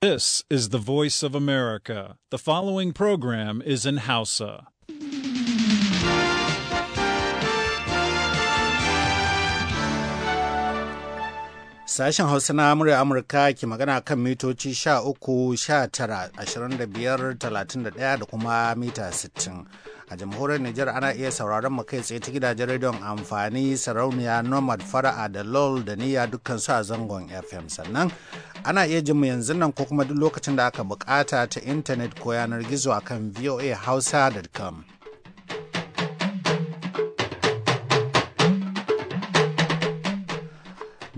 This is the voice of America. The following program is in Hausa. Sashen Hausa na murya Amurka ke magana kan mitoci 13, 19, 25, 31 da kuma mita 60. a jamhuriyar Nijar ana iya sauraron mu kai tsaye ta gidajen rediyon amfani sarauniya nomad fara'a da lol da niyya dukkan a zangon fm sannan ana iya jin mu yanzu nan ko kuma duk lokacin da aka bukata ta intanet ko yanar gizo akan voahausa.com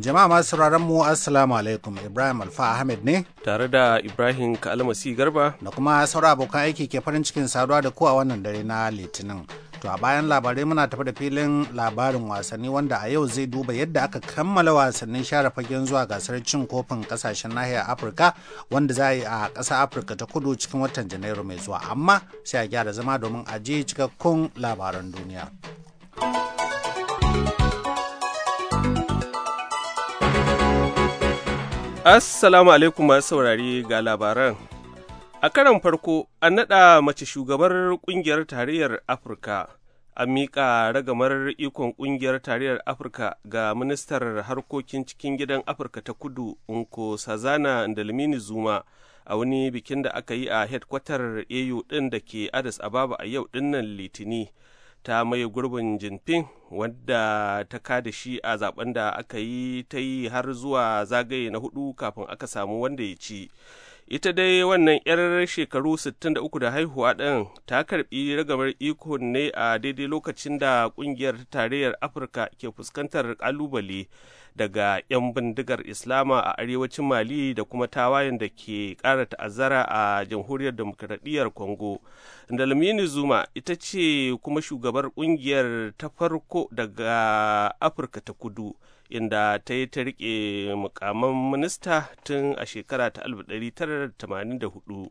Jama'a masu sauraron mu Assalamu alaikum Ibrahim Alfa Ahmed ne tare da Ibrahim Kalmasi Garba da kuma sauran abokan aiki ke farin cikin saduwa da ku a wannan dare na Litinin. To a bayan labarai muna tafi da filin labarin wasanni wanda a yau zai duba yadda aka kammala wasannin share fagen zuwa gasar cin kofin kasashen nahiyar Afirka wanda za a yi a ƙasar Afirka ta kudu cikin watan Janairu mai zuwa amma sai a gyara zama domin a ji cikakkun labaran duniya. Assalamu alaikum masu saurari ga labaran. A karan farko, an naɗa mace shugabar ƙungiyar tarayyar Afirka. An miƙa ragamar ikon ƙungiyar tarayyar Afirka ga ministar harkokin cikin gidan Afirka ta kudu Nko Sazana Ndalmini Zuma a wani bikin da aka yi a hedkwatar AU ɗin da ke Addis Ababa a yau ɗinnan Litini. ta mai gurbin jinfin wadda ta kada shi a zaben da aka yi ta yi har zuwa zagaye na hudu kafin aka samu wanda ya ci ita dai wannan 'yar shekaru 63 da haihuwa ɗin ta karɓi ragamar iko ne a daidai lokacin da ƙungiyar tarayyar afirka ke fuskantar ƙalubale daga 'yan bindigar islama a arewacin mali da kuma tawayen da ke ƙara ta'azzara a jamhuriyar demokradiyyar congo dalmini zuma ita ce kuma shugabar ƙungiyar ta farko daga afirka ta kudu inda ta yi ta riƙe mukaman minista tun a shekara ta 1984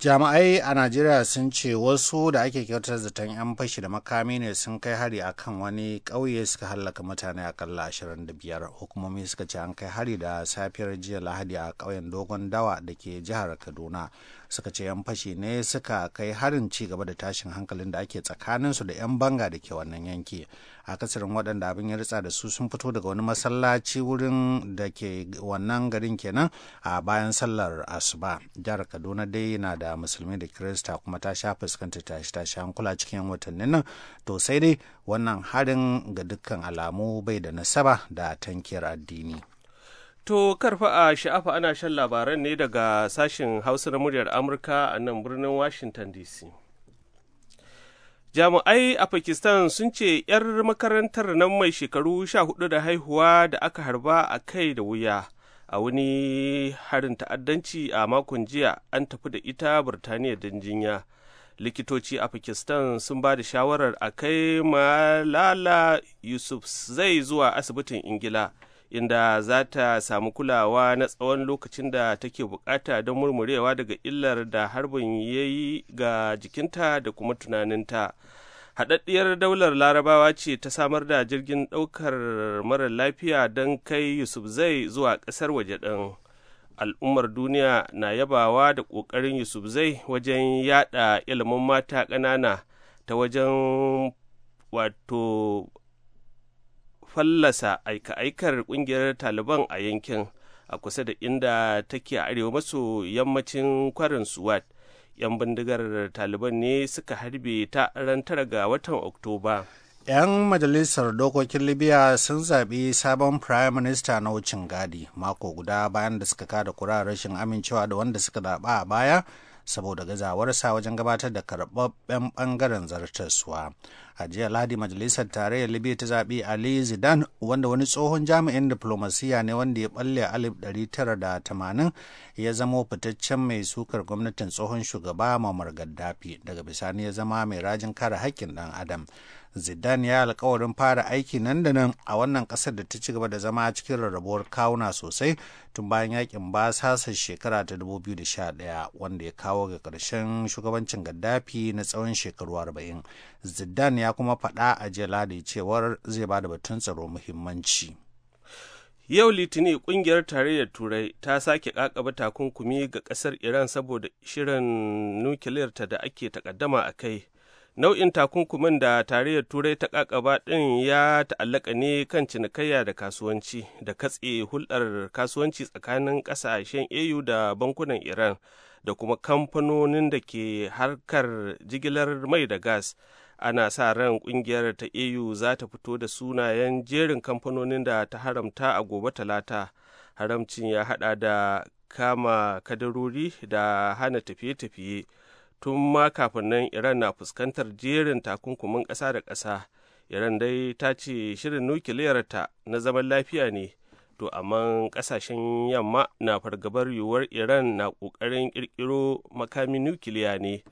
jama'ai a najeriya sun ce wasu da ake kyautar zaton 'yan fashi da makami ne sun kai hari a kan wani ƙauye suka hallaka mutane akalla 25 hukumomi suka ce an kai hari da safiyar jiya lahadi a ƙauyen dogon dawa da ke jihar kaduna suka ce 'yan fashi ne suka kai harin ci gaba da tashin hankalin da ake tsakaninsu da 'yan banga da ke wannan yanki a kasirin waɗanda abin ya ritsa da su sun fito daga wani masallaci wurin da ke wannan garin kenan a bayan sallar asuba jihar kaduna dai na da musulmi da kirista kuma ta sha fuskantar ta sha hankula cikin watannin nan to sai dai wannan harin ga dukkan alamu bai da nasaba da tankiyar addini. To karfa a sha'afa ana shan labaran ne daga sashen Hausa na muryar Amurka a nan birnin Washington DC. Jami'ai a Pakistan sun ce 'yar makarantar nan mai shekaru sha hudu da haihuwa da aka harba a kai da wuya a wani harin ta'addanci a makon jiya an tafi da ita Birtaniya don jinya. Likitoci a Pakistan sun ba da shawarar a kai Malala Yusuf zai zuwa asibitin Ingila. inda za ta samu kulawa na tsawon lokacin da take bukata don murmurewa daga illar da harbin ya yi ga jikinta da kuma tunaninta haɗaɗɗiyar daular larabawa ce ta samar da jirgin ɗaukar mara lafiya don kai yusuf zai zuwa ƙasar waje ɗin al'ummar duniya na yabawa da ƙoƙarin yusuf zai wajen yaɗa ilimin mata ƙanana ta wajen wato fallasa aika-aikar ƙungiyar taliban a yankin a kusa da inda take a arewa maso yammacin kwarin suwat 'yan bindigar taliban ne suka harbe ta ran ga watan oktoba 'yan majalisar dokokin libya sun zaɓi sabon prime minister na wucin gadi mako guda bayan da suka kada kura rashin amincewa da wanda suka zaɓa a baya saboda gazawarsa wajen gabatar da karɓaɓɓen ɓangaren zartaswa. A jiya Ladi Majalisar Tarayyar Libya ta zaɓi Ali Zidane wanda wani tsohon jami'in diplomasiya ne wanda ya ɓalle alif ɗari tara da tamanin ya zama fitaccen mai sukar gwamnatin tsohon shugaba Muammar Gaddafi daga bisani ya zama mai rajin kare haƙƙin ɗan Adam. zidane ya alkawarin fara aiki nan da nan a wannan kasar da ta ci gaba da zama a cikin rarrabuwar kawuna sosai tun bayan yakin sasa shekara ta 2011 wanda ya kawo ga ƙarshen shugabancin gaddafi na tsawon shekaru 40 zidane ya kuma faɗa a jiya ladi cewar zai ba da batun tsaro muhimmanci. Yau Litinin kungiyar tarayyar Turai ta sake kakaba takunkumi ga kasar Iran saboda shirin nukiliyarta da ake takaddama a kai Nau'in takunkumin da tarayyar Turai ta kakaba ɗin ya ta'allaka ne kan cinikayya da kasuwanci da katse hulɗar kasuwanci tsakanin ƙasashen au da bankunan Iran da kuma kamfanonin da ke harkar jigilar mai da gas. Ana sa ran ƙungiyar ta au za ta fito da sunayen jerin kamfanonin da ta haramta a gobe talata. Haramcin ya haɗa da kama kadarori da hana tafiye-tafiye. tun ma kafin nan iran na fuskantar jerin takunkumin ƙasa da ƙasa iran dai ta ce shirin nukiliyarta na zaman lafiya ne to amma ƙasashen yamma na fargabar yiwuwar iran na ƙoƙarin ƙirƙiro makamin nukiliya ne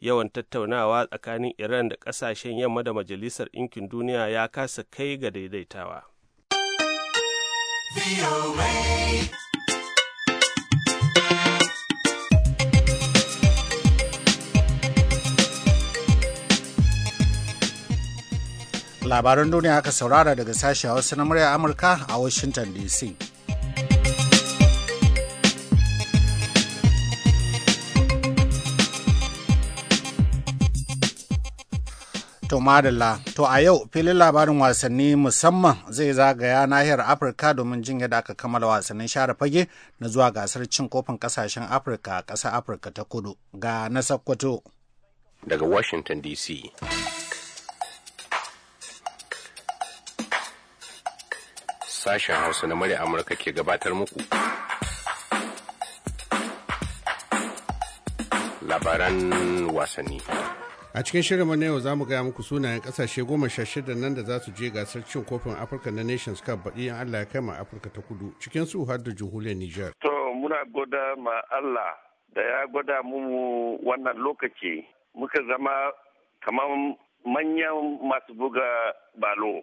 yawan tattaunawa tsakanin iran da ƙasashen yamma da majalisar ɗinkin duniya ya kasa kai ga daidaitawa. labaran duniya aka saurara daga sashen hausa na murya amurka a washington dc To madalla, to a yau filin labarin wasanni musamman zai zagaya nahiyar Afirka domin jin yadda aka kammala wasannin share fage na zuwa gasar cin kofin kasashen Afirka a ƙasar Afirka ta kudu ga na Sokoto. Daga Washington DC. sashen Hausa na murya Amurka ke gabatar muku. Labaran wasanni. A cikin shirin na yau za mu gaya muku sunayen kasashe goma sha shida nan da za su je gasar cin kofin Afirka na Nations Cup baɗi in Allah ya ma Afirka ta kudu cikin su har da jihuliyar Nijar. To muna goda ma Allah da ya gwada mu wannan lokaci muka zama kamar manyan masu buga balo.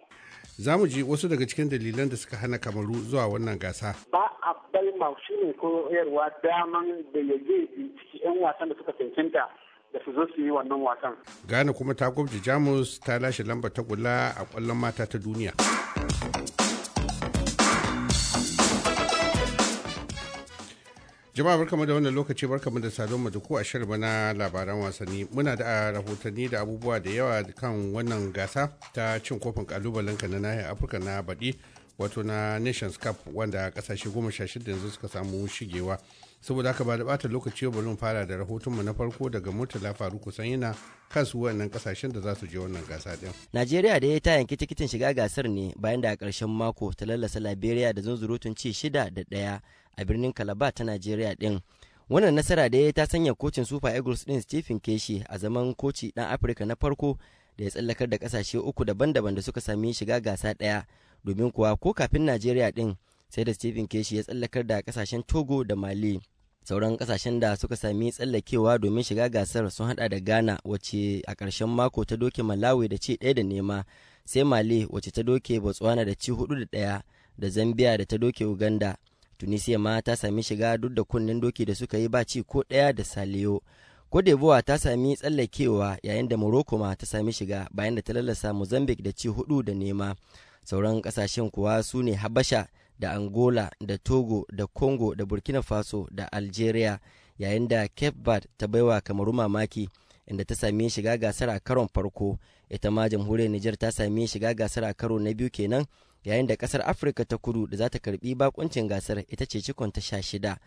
za mu ji wasu daga cikin dalilan da suka hana kamaru zuwa wannan gasa ba a balma shi ne koyarwa daman da ya je binciki 'yan wasan da suka cancanta da su zo su yi wannan wasan gane kuma ta gwabji jamus ta lashe lambar ta kula a kwallon mata ta duniya Jama'a barkamu da wannan lokaci barkamu da sadon mu da ku a shirma na labaran wasanni. Muna da rahotanni da abubuwa da yawa kan wannan gasa ta cin kofin kalubalen ka na nahiyar Afirka na baɗi wato na Nations Cup wanda kasashe goma sha shida yanzu suka samu shigewa. Saboda haka ba da bata lokaci bari mu fara da rahotonmu na farko daga Murtala Faruku kan su wannan kasashen da za su je wannan gasa din. Najeriya da ya ta yanki tikitin shiga gasar ne bayan da a karshen mako ta lallasa Liberia da zunzurutun ci shida da ɗaya a birnin Calabar ta Najeriya din. Wannan nasara da ya ta sanya kocin Super Eagles din Stephen Keshi a zaman koci dan Afirka na farko da ya tsallakar da kasashe uku daban-daban da suka sami shiga gasa daya domin kuwa ko kafin Najeriya din sai da Stephen Keshi ya tsallakar da kasashen Togo da Mali. sauran kasashen da suka sami tsallakewa domin shiga gasar sun hada da ghana wace a karshen mako ta doke malawi da ci daya da nema sai mali wace ta doke botswana da ci hudu da ɗaya da zambia da ta doke uganda tunisiya ma ta sami shiga duk da kunnen doki da suka yi baci ko ɗaya da saliyo cote ta sami tsallakewa yayin da morocco ma ta sami shiga bayan da ta lallasa mozambique da ci hudu da nema sauran kasashen kuwa su ne habasha da angola da togo da congo da burkina faso da algeria yayin da cape verde ta baiwa kamaru mamaki inda ta sami shiga gasar a karon farko ita ma jamhuriyar niger ta sami shiga gasar a karo na biyu kenan yayin da kasar afirka ta kudu da za ta karbi bakuncin gasar ita ce cikon ta sha shida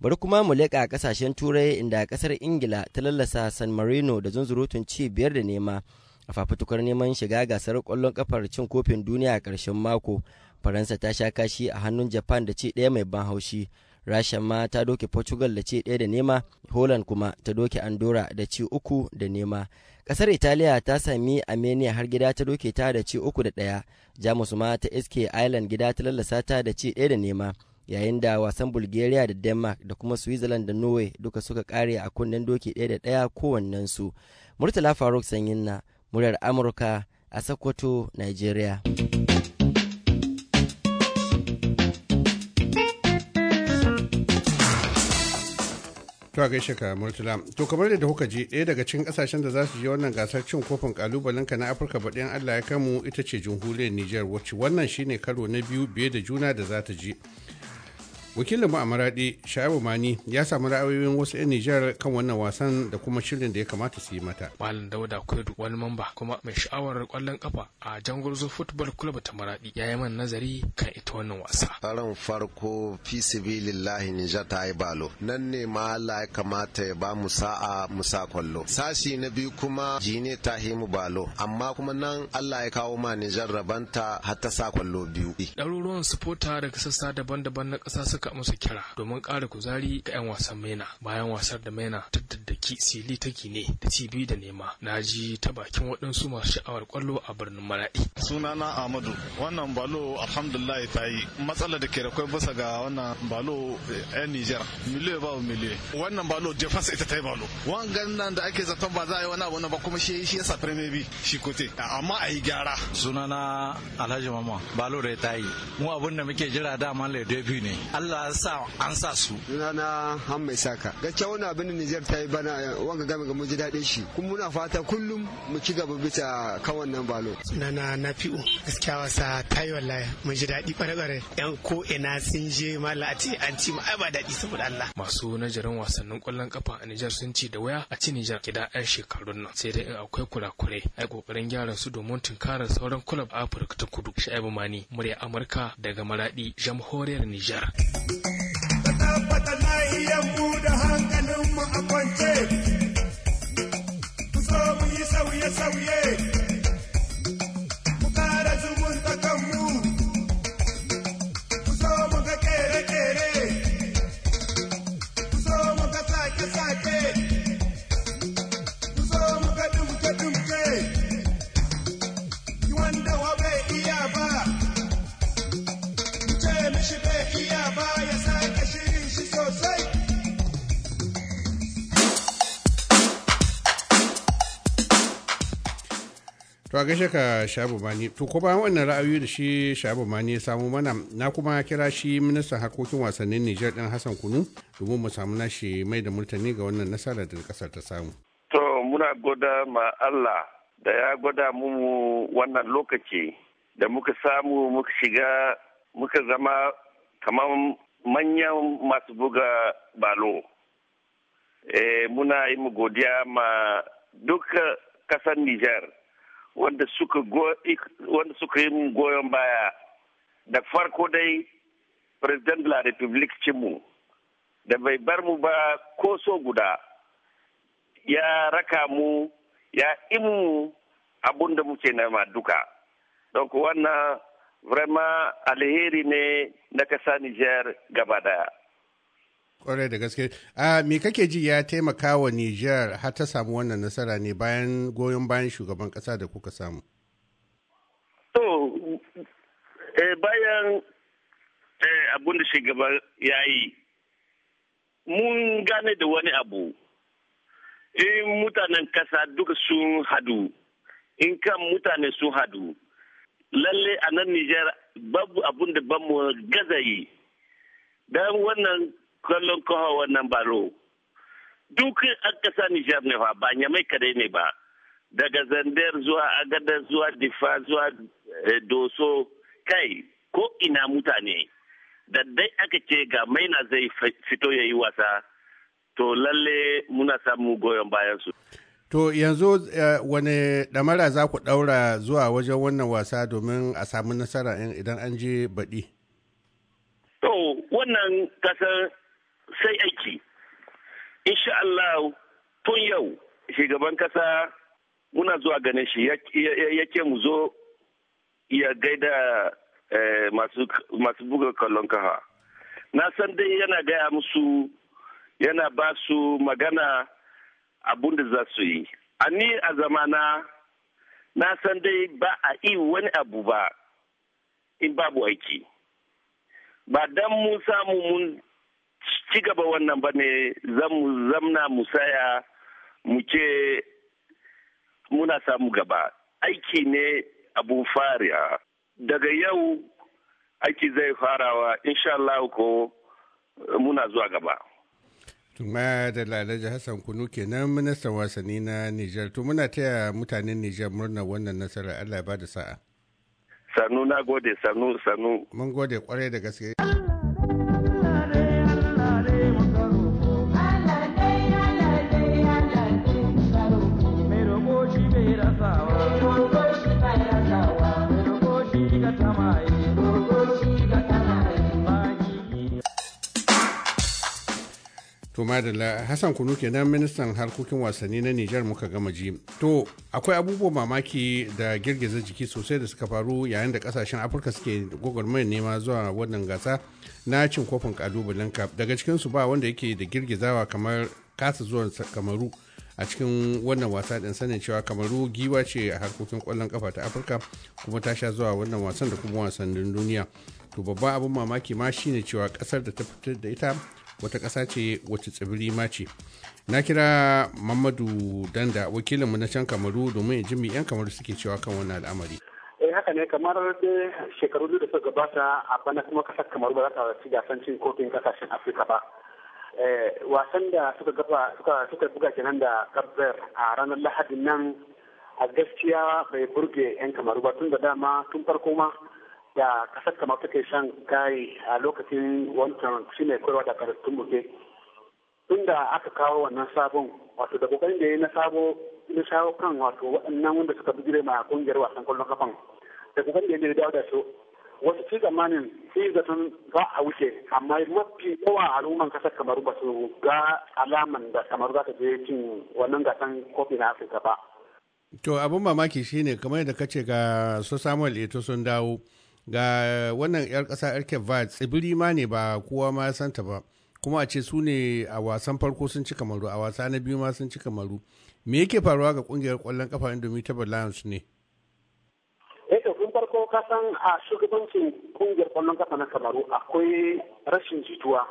bari kuma mu leƙa kasashen turai inda kasar ingila ta lallasa san marino da zunzurutun ci biyar da nema a fafutukar neman shiga gasar kwallon kafar cin kofin duniya a ƙarshen mako faransa ta sha kashi a hannun japan da ci ɗaya mai ban haushi rasha ma ta doke portugal da ci ɗaya da nema holland kuma ta doke andorra da ci uku da nema kasar Italiya ta sami Armenia har gida ta doke ta da ci uku da ɗaya, Jamus ma ta iske island gida ta lallasa ta da ci ɗaya da nema, yayin da wasan Bulgaria da Denmark da kuma Switzerland da Norway duka suka kare a kunnen doki ɗaya da ɗaya kowannensu. Murtala Faruk Sanyin na muryar Amurka a Sokoto, Nigeria. To a gaishe ka Murtala. To kamar da kuka ji ɗaya daga cikin ƙasashen da za su je wannan gasar cin kofin kalubalen ka na Afirka baɗin Allah ya kamu ita ce jamhuriyar Nijar wacce wannan shine karo na biyu biye da juna da za ta je. wakilin mu a maradi sha'abu mani ya samu ra'ayoyin wasu 'yan nijar kan wannan wasan da kuma shirin da ya kamata su yi mata malam dauda kudu wani mamba kuma mai sha'awar kwallon kafa a jangurzo football club ta maradi ya yi man nazari kan ita wannan wasa karan farko fi sibilillahi nijar ta yi balo nan ne ma Allah ya kamata ya ba mu sa'a mu sa kwallo sashi na biyu kuma jine ta yi mu balo amma kuma nan Allah ya kawo ma nijar rabanta har ta sa kwallo biyu ɗaruruwan supporter daga sassa daban-daban na ƙasa suka musu kira domin ƙara kuzari ga 'yan wasan maina bayan wasar da maina ta daddaki sili ta ne da cibi da nema na ji ta bakin waɗansu masu sha'awar kwallo a birnin maraɗi. sunana ahmadu wannan balo alhamdulillah ta yi matsala da ke da kwai bisa ga wannan balo 'yan eh, nijar miliyo ba miliyo wannan balo jefas ita ta yi balo wangan nan da ake zaton ba za a yi wani abu na ba kuma shi shi yasa premier bi shi kote amma a yi gyara sunana alhaji mama balo da ta yi mu abun da muke jira dama biyu ne allah Allah sa an sa su na han mai saka gaskiya wani abin da Niger ta yi bana wanga game ga muji ji shi kuma muna fata kullum mu ci gaba bita kan wannan balo na fi'u. gaskiya wasa ta yi wallahi mu ji daɗi bare yan ko ina sun je mala a ce an ci ai ba daɗi saboda Allah masu najarin wasannin ƙwallon kafa a nijar sun ci da waya a ci nijar. gida ɗan shekarun nan sai dai in akwai kurakurai ai kokarin gyaran su domin tunkarar sauran kulab Afirka ta Kudu Shaibu Mani murya Amurka daga Maradi jamhuriyar Nijar. sauye-sauye gaishe ka shabu mani to ko ba wannan ra'ayoyi da shi shabu mani ya samu mana na kuma kira shi ministan harkokin wasannin Nijar din Hassan Kunu domin mu samu nashi mai da murtani ga wannan nasarar da kasar ta samu. To muna goda ma Allah da ya gwada mu wannan lokaci da muka samu muka shiga muka zama kamar manyan masu buga balo. E, muna yi mu godiya ma duka kasar Nijar. wanda suka yi mun goyon baya da farko dai president de la republique cimu da bai bar mu ba ko so guda ya raka mu ya imu abun da muke nema duka don wannan vraiment alheri ne na kasa niger gaba daya kwarai da gaske me kake ji ya taimaka wa niger har ta samu wannan nasara ne bayan goyon bayan shugaban kasa da kuka samu to eh, bayan eh, abun da shugaba ya yi mun gane da wani abu in mutanen kasa duka sun hadu in kan mutane sun hadu lalle a nan niger babu abun da ban mu gaza yi don wannan kallon kawo wannan balo duk an kasa nijar ne fa ba nyamai kadai ne ba daga zandar zuwa agada zuwa difa zuwa eh, doso kai ko ina mutane da dai aka ce ga maina zai fito ya yi wasa to lalle muna samu goyon bayan su. To yanzu eh, wani ɗamara za ku ɗaura zuwa wajen wannan wasa domin a samu nasara idan an je baɗi? To wannan kasar sai aiki insha Allah tun yau shugaban kasa muna zuwa ganin shi yake mu zo ya gaida eh, masu buga kallon kaha na san dai yana gaya musu yana ba su magana abun da za su yi a ni a zamana na san dai ba a yi wani abu ba in babu aiki ba dan mun samu mun ci gaba wannan ba ne mu zamna mu saya mu muna samu gaba aiki ne abu fariya daga yau aiki zai farawa Allah ko muna zuwa gaba tuma da lalaji hassan kunu kenan ministan wasanni na nijar to muna taya mutanen nijar murnar wannan nasarar allah ba da sa'a sanu na gode sanu sanu mun gode kwarai da gaske To Madalla Hassan Kunu kenan ministan harkokin wasanni na Nijar muka gama ji. To akwai abubuwan mamaki da girgiza jiki sosai da suka faru yayin da kasashen Afirka suke gwagwarmayar nema zuwa wannan gasa na cin kofin kalubalen kaf daga cikin su ba wanda yake da girgizawa kamar kasa zuwa kamaru a cikin wannan wasa din sanin cewa kamaru giwa ce a harkokin kwallon kafa ta afirka kuma ta sha zuwa wannan wasan da kuma wasannin duniya to babban abin mamaki ma shine cewa kasar da ta fitar da ita wata ƙasa ce wacce tsibiri ma ce na kira mamadu danda wakilinmu na can kamaru domin ji mu 'yan kamaru suke cewa kan wannan al'amari eh, haka ne kamar shekaru biyu da suka gabata a bana kuma kasar kamaru ba za ta ci gasan cin kofin kasashen afirka ba eh, wasan da suka gaba suka buga kenan da kabzar a ranar lahadin nan a gaskiya bai burge 'yan kamaru ba tun da dama tun farko ma da kasar kamar take shan kayi a lokacin wancan ne koyarwa da karatun muke inda aka kawo wannan sabon wato da kokarin da ya na sabo na shawo kan wato waɗannan wanda suka bi ma kungiyar wasan kwallon kafan da kokarin da ya dawo da su wasu ci zamanin sai zaton za a wuce amma mafi yawa al'umman kasar kamar ba su ga alaman da kamar za ta je cin wannan gasan kofi na afirka ba. to abin mamaki shine kamar yadda ka ce ga su samuel eto sun dawo ga wannan 'yar ƙasa yar vats tsibiri ma ne ba kowa ma ya santa ba kuma a ce su ne a wasan farko sun ci kamaru a wasa na biyu ma sun ci kamaru me yake faruwa ga kungiyar kwallon kafa indomitable lions ne yadda eh, farko kasan a shugabancin kungiyar kwallon kafa na kamaru akwai rashin jituwa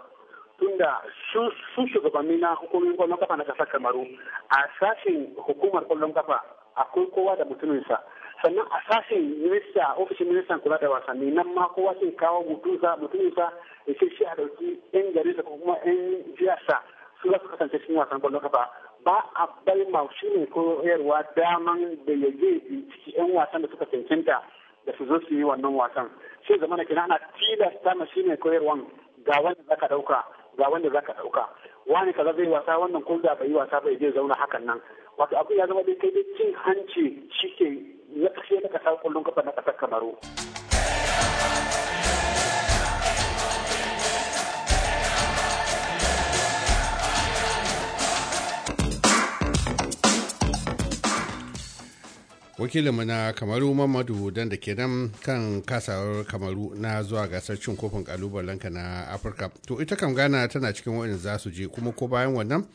tunda sun shugabanni na hukumin kwallon kafa na kasar kamaru a sashen hukumar kwallon kafa akwai kowa da mutuminsa sannan a sashen minista ofishin ministan kula da wasanni nan ma kowa sun kawo mutunsa mutuminsa ya ce shi a dauki yan garinsa ko kuma yan jiyarsa su za su kasance cikin wasan kwallon kafa ba a bai ma shi ne koyarwa daman da ya je ciki yan wasan da suka cancanta da su zo su yi wannan wasan shi zama na kina ana tilasta ma shi ne koyarwan ga wanda zaka dauka ga wanda zaka dauka wani kaza zai wasa wannan da bai yi wasa bai je zauna hakan nan wato abin ya zama dai kai cin hanci shi ke na ƙashe na ƙasar ƙwallon kafa na ƙasar kamaru. wakilin na kamaru mamadu dan da ke nan kan kasawar kamaru na zuwa gasar cin kofin kalubalenka na afirka to ita kam gana tana cikin waɗanda za su je kuma ko bayan wannan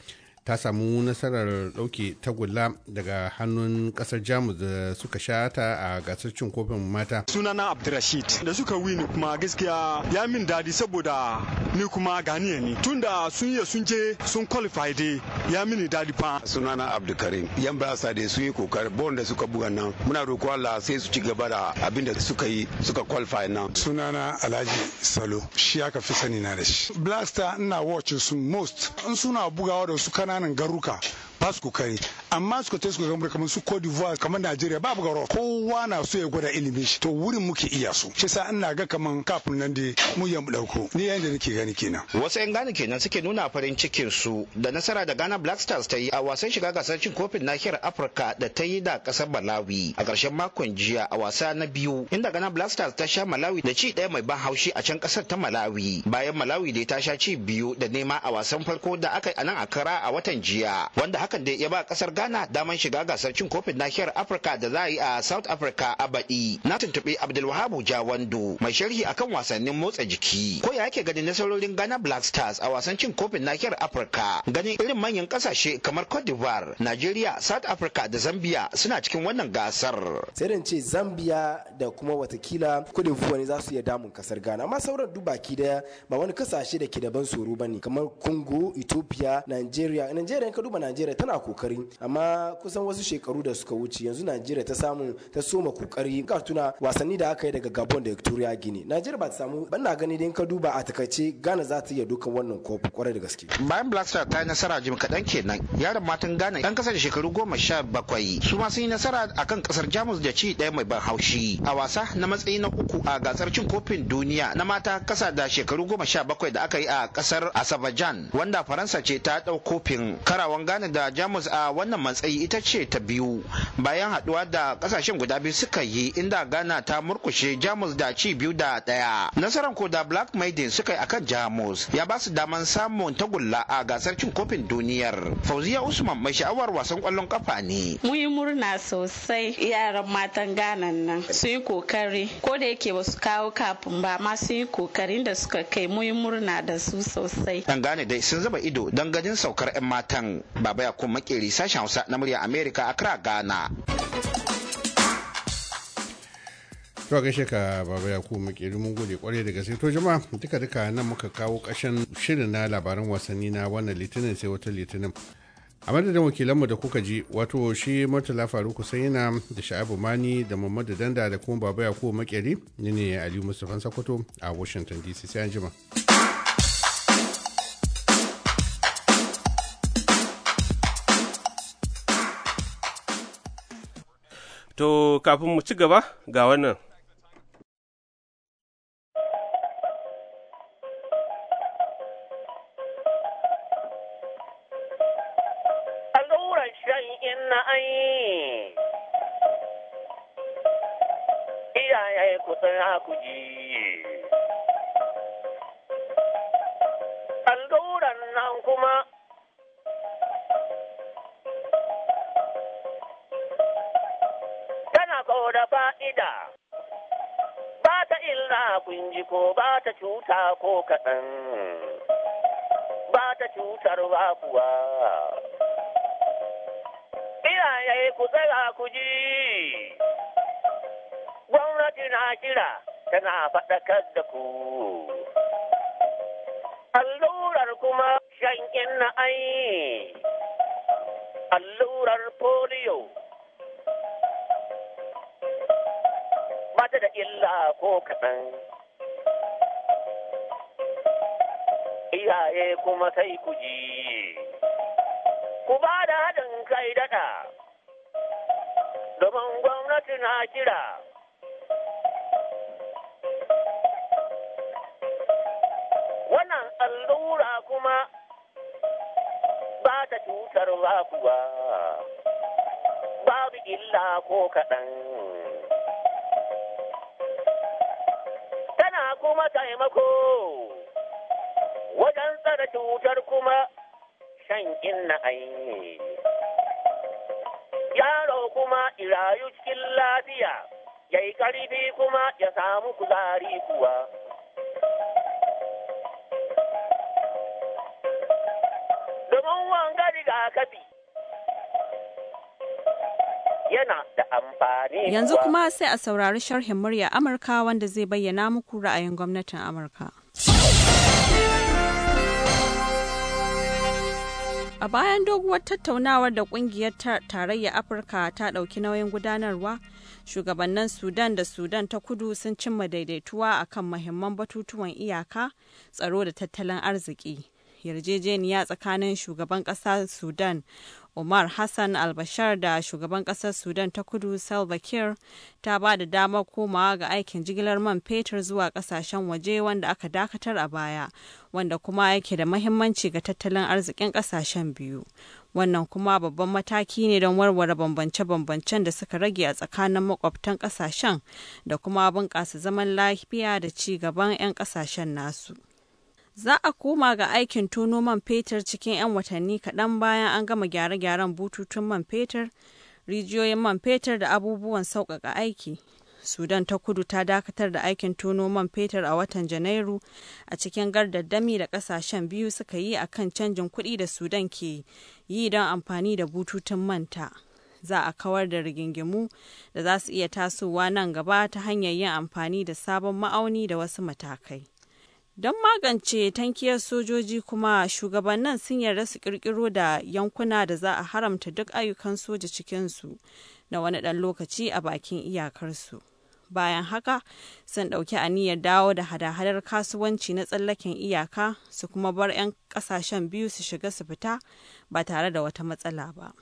ta samu nasarar ɗauke tagulla daga hannun ƙasar jamus da suka sha ta a gasar cin kofin mata sunana abdurashid da suka wini kuma gaskiya ya min dadi saboda ni kuma ganiya ne tunda sun yi sun je sun qualify dai ya min dadi fa sunana abdulkarim yan brasa da sun yi kokari bon da suka buga nan muna roƙo Allah sai su ci gaba da abin da suka yi suka qualify nan sunana alhaji salo shi aka fi sani na da shi blaster ina watching su most in suna bugawa da su kana ƙananan garuka ba su kare amma su ta su gamar kamar su Cote d'Ivoire kamar Najeriya babu garo kowa na so ya gwada ilimin shi to wurin muke iya su shi sa ina ga kamar kafin nan da mu yan dauko ni yayin da nake gani kenan wasu yan gane kenan suke nuna farin cikin su da nasara da Ghana Black Stars ta yi a wasan shiga gasar cin kofin nahiyar Afirka da ta yi da kasar Malawi a karshen makon jiya a wasa na biyu inda Ghana Black Stars ta sha Malawi da ci ɗaya mai ban haushi a can kasar ta Malawi bayan Malawi da ta sha ci biyu da nema a wasan farko da aka yi a nan Accra a watan jiya wanda hakan da ya ba kasar ghana daman shiga gasar cin kofin nahiyar afirka da za a yi a south africa a baɗi na tuntuɓi abdulwahabu jawando mai sharhi akan wasannin motsa jiki ko ya yake ganin nasarorin ghana black stars a wasan cin kofin nahiyar afirka ganin irin manyan kasashe kamar cote d'ivoire nigeria south africa da zambia suna cikin wannan gasar sai dan ce zambia da kuma watakila cote d'ivoire za su iya damun kasar ghana amma sauran dubaki daya ba wani kasashe da ke da ban tsoro bane kamar congo ethiopia nigeria nigeria ka duba nigeria tana kokari amma kusan wasu shekaru da suka wuce yanzu Najeriya ta samu ta soma kokari ka tuna wasanni da aka yi daga Gabon da Victoria gini Najeriya ba ta samu ban na gani dai ka duba a takaice Ghana za ta iya dukan wannan kofi kwarai da gaske bayan Black Star ta yi nasara jim kaɗan kenan yaron matan Ghana idan kasar shekaru goma sha bakwai su ma sun yi nasara akan kasar Jamus da ci ɗaya mai ban haushi a wasa na matsayi na uku a gasar cin kofin duniya na mata kasa da shekaru goma sha bakwai da aka yi a kasar Azerbaijan wanda Faransa ce ta ɗau kofin karawan Ghana da jamus a wannan matsayi ita ce ta biyu bayan haduwa da kasashen guda biyu suka yi inda ghana ta murkushe jamus da ci biyu da daya nasarar ko da black maiden suka yi akan jamus ya ba su daman samun tagulla a gasar cin kofin duniyar fauziya usman mai sha'awar wasan kwallon kafa ne mun yi murna sosai yaran matan ghana nan sun yi kokari ko da yake ba su kawo kafin ba ma sun yi kokarin da suka kai mun yi murna da su sosai dan gane dai sun zaba ido dan ganin saukar 'yan matan baba ya Yakubu Makeri sashen Hausa na murya Amerika kira Ghana. to gaishe ka baba ya kuma makeri mun gode kwarai daga sai to jama duka duka nan muka kawo kashin shirin na labaran wasanni na wannan litinin sai wata litinin a madadin wakilanmu da kuka ji wato shi murtala faruku yana da sha'abu mani da muhammadu danda da kuma baba ya kuma makeri ne ne aliyu mustapha sakoto a washington dc sai an jima. To, kafin mu ci gaba ga wannan. da fa'ida. Ba ta illa kunji ko ba ta cuta ko kaɗan. Ba ta cutar ba kuwa. Iyaye ku tsaya ku ji. Gwamnati na kira tana faɗakar da ku. Allurar kuma shankin na ai. Allurar polio. su da illa ko kaɗan. Iyaye kuma sai ku ji, ku ba da haɗin kai daɗa, domin gwamnati na kira. Wannan allura kuma ba ta cutar ba kuwa, babu illa ko kaɗan. kuma taimako wajen tsare cutar kuma shan inna an Yaro kuma irayu cikin lafiya, ya yi karfi kuma ya samu kuzari kuwa. Domin wanga rigakafi yana da amfani. Yanzu kuma sai a saurari sharhin murya Amurka wanda zai bayyana muku ra'ayin gwamnatin Amurka. A bayan doguwar tattaunawar da kungiyar tarayyar Afirka ta ɗauki nauyin gudanarwa, shugabannin Sudan da Sudan ta kudu sun cimma daidaituwa akan mahimman batutuwan iyaka, tsaro da tattalin arziki. yarjejeniya tsakanin shugaban ƙasar Sudan Umar Hassan albashar da shugaban ƙasar Sudan ta kudu Salva Kiir ta ba da damar komawa ga aikin jigilar man fetur zuwa ƙasashen waje wanda aka dakatar a baya, wanda kuma yake da mahimmanci ga tattalin arzikin ƙasashen biyu. Wannan kuma babban mataki ne don warware bambance-bambancen da suka rage a tsakanin makwabtan ƙasashen da kuma bunƙasa zaman lafiya da ci gaban 'yan ƙasashen nasu. Za a koma ga aikin tono man fetur cikin 'yan watanni kaɗan bayan an gama gyare-gyaren bututun man fetur, rijiyoyin man fetur da abubuwan sauƙaƙa aiki. Sudan ta Kudu ta dakatar da aikin tono man fetur a watan Janairu a cikin gardaddami da ƙasashen biyu suka yi akan canjin kuɗi da Sudan ke yi don amfani da bututun manta. Za a kawar da rigingimu da za su iya tasowa nan gaba ta hanyar yin amfani da sabon ma'auni da wasu matakai. Don magance tankiyar sojoji kuma, shugabannin sun yarda su kirkiro da yankuna da za a haramta duk ayyukan soja cikinsu na wani ɗan lokaci a bakin iyakarsu. Bayan haka, sun ɗauki aniyar dawo da hada-hadar kasuwanci na tsallaken iyaka su kuma bar 'yan ƙasashen biyu su shiga su fita ba tare da wata matsala ba.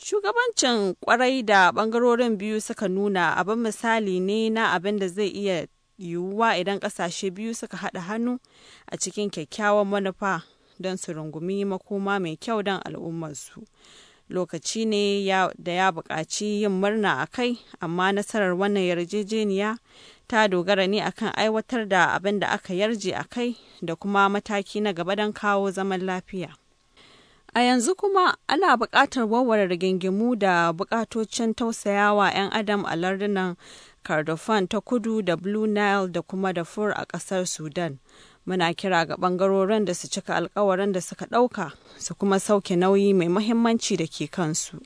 Shugabancin kwarai da ɓangarorin biyu suka nuna abin misali ne na abin da zai iya yiwuwa idan ƙasashe biyu suka haɗa hannu a cikin kyakkyawar manufa don su rungumi makoma mai kyau don al'ummarsu. Lokaci ne da ya buƙaci yin murna a kai, amma nasarar wannan yarjejeniya ta dogara ne akan aiwatar da abin da aka yarje a kai da kuma mataki na gaba don kawo zaman lafiya. A yanzu kuma ana buƙatar warware rigingimu da buƙatocin tausayawa 'yan adam a lardunan kordofan ta kudu da blue nile da kuma da Fur a ƙasar sudan muna kira ga ɓangarorin da su cika alkawarin da suka ɗauka su kuma sauke nauyi mai mahimmanci da ke kansu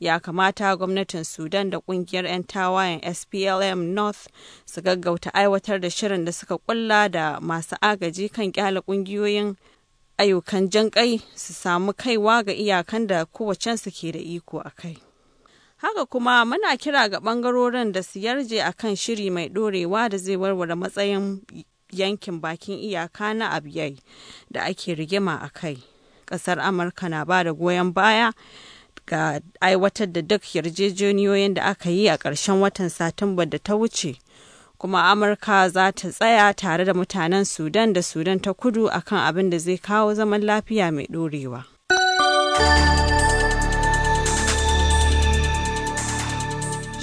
ya kamata gwamnatin sudan da ƙungiyar 'yan tawayen splm north su gaggauta aiwatar da shirin da suka kulla da masu agaji kan ƙyale ƙungiyoyin ayyukan jan kai su samu kaiwa ga iyakan da kowacensu ke da iko a kai Haka kuma muna kira ga ɓangarorin da su yarje a kan shiri mai ɗorewa da zai warware matsayin yankin bakin iyaka na Abiyai da ake rigima a kai. Ƙasar Amurka na ba da goyon baya ga aiwatar da duk yarjejeniyoyin da aka yi a ƙarshen watan Satumba da ta wuce. Kuma Amurka za ta tsaya tare da mutanen Sudan da Sudan ta kudu akan abin da zai kawo zaman lafiya mai ɗorewa.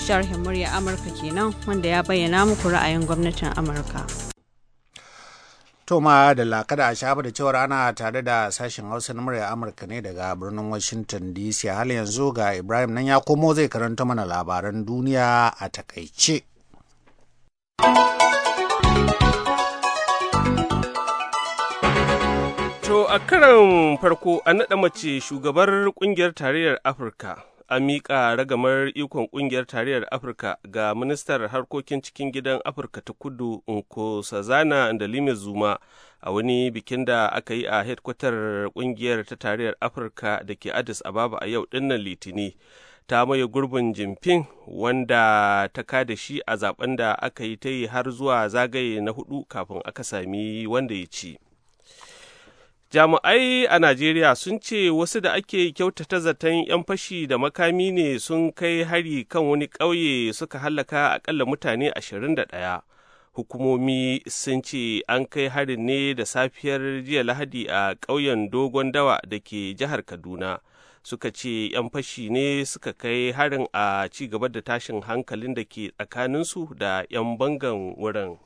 sharhin murya Amurka kenan wanda ya bayyana muku ra'ayin gwamnatin Amurka. toma da lakada a shafa da cewar ana tare da sashen Hausa na murya Amurka ne daga birnin Washington DC hal yanzu ga Ibrahim nan ya komo zai karanta mana labaran duniya a takaice. To a karan farko an naɗa mace shugabar ƙungiyar tarayyar Afirka. an miƙa ragamar ikon ƙungiyar tarayyar afirka ga ministar harkokin cikin gidan afirka ta kudu nkosazana Lime zuma a wani bikin da aka yi a hedkwatar ƙungiyar ta tarayyar afirka da ke addis ababa a yau dinnan litini ta maye gurbin jimfin wanda ta kada shi a zaben da aka yi ta yi har zuwa zagaye na hudu kafin aka sami wanda ya ci. Jami'ai a Najeriya sun ce wasu da ake kyautata zaton 'yan fashi da makami ne sun kai hari kan wani ƙauye suka hallaka akalla mutane ashirin da ɗaya. Hukumomi sun ce an kai harin ne da safiyar jiya Lahadi a ƙauyen Dogon Dawa da ke jihar Kaduna. Suka ce 'yan fashi ne suka kai harin a ci gaba da tashin hankalin da ke tsakaninsu da 'yan bangan wurin.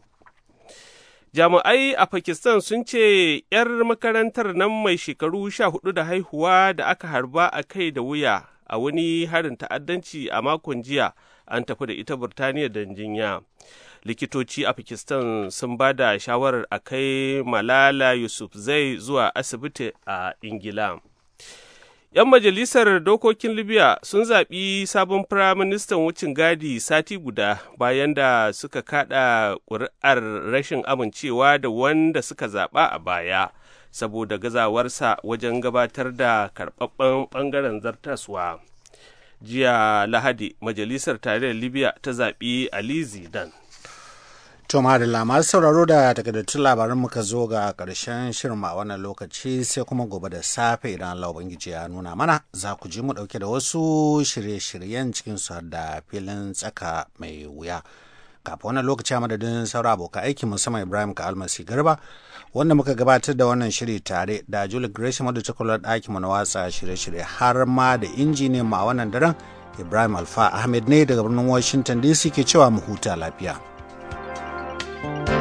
Jami'ai a Pakistan sun ce ‘yar makarantar nan mai shekaru sha hudu da haihuwa da aka harba a kai da wuya a wani harin ta'addanci a makon jiya an tafi da ita Burtaniya don jinya. Likitoci a Pakistan sun ba da shawarar a kai Malala Yusuf zai zuwa asibiti a Ingila. ‘Yan majalisar dokokin Libya sun zaɓi sabon firaministan wucin gadi sati guda bayan da suka kaɗa ƙuri'ar rashin amincewa da wanda suka zaɓa a baya, saboda gazawarsa wajen gabatar da karɓaɓɓen ɓangaren zartaswa. Jiya Lahadi, Majalisar Tarayyar Libya ta zaɓi Ali Zidane. To da masu sauraro da takardattun labarin muka zo ga ƙarshen shirin a wannan lokaci sai kuma gobe da safe idan Allah Ubangiji ya nuna mana za ku ji mu ɗauke da wasu shirye-shiryen cikin su da filin tsaka mai wuya. Kafin wannan lokaci a madadin sauran abokan aiki musamman Ibrahim ka almasi garba wanda muka gabatar da wannan shiri tare da Julie Gresham wadda ta kula na watsa shirye-shirye har ma da injiniyan ma wannan daren Ibrahim Alfa Ahmed ne daga birnin Washington DC ke cewa mu huta lafiya. you.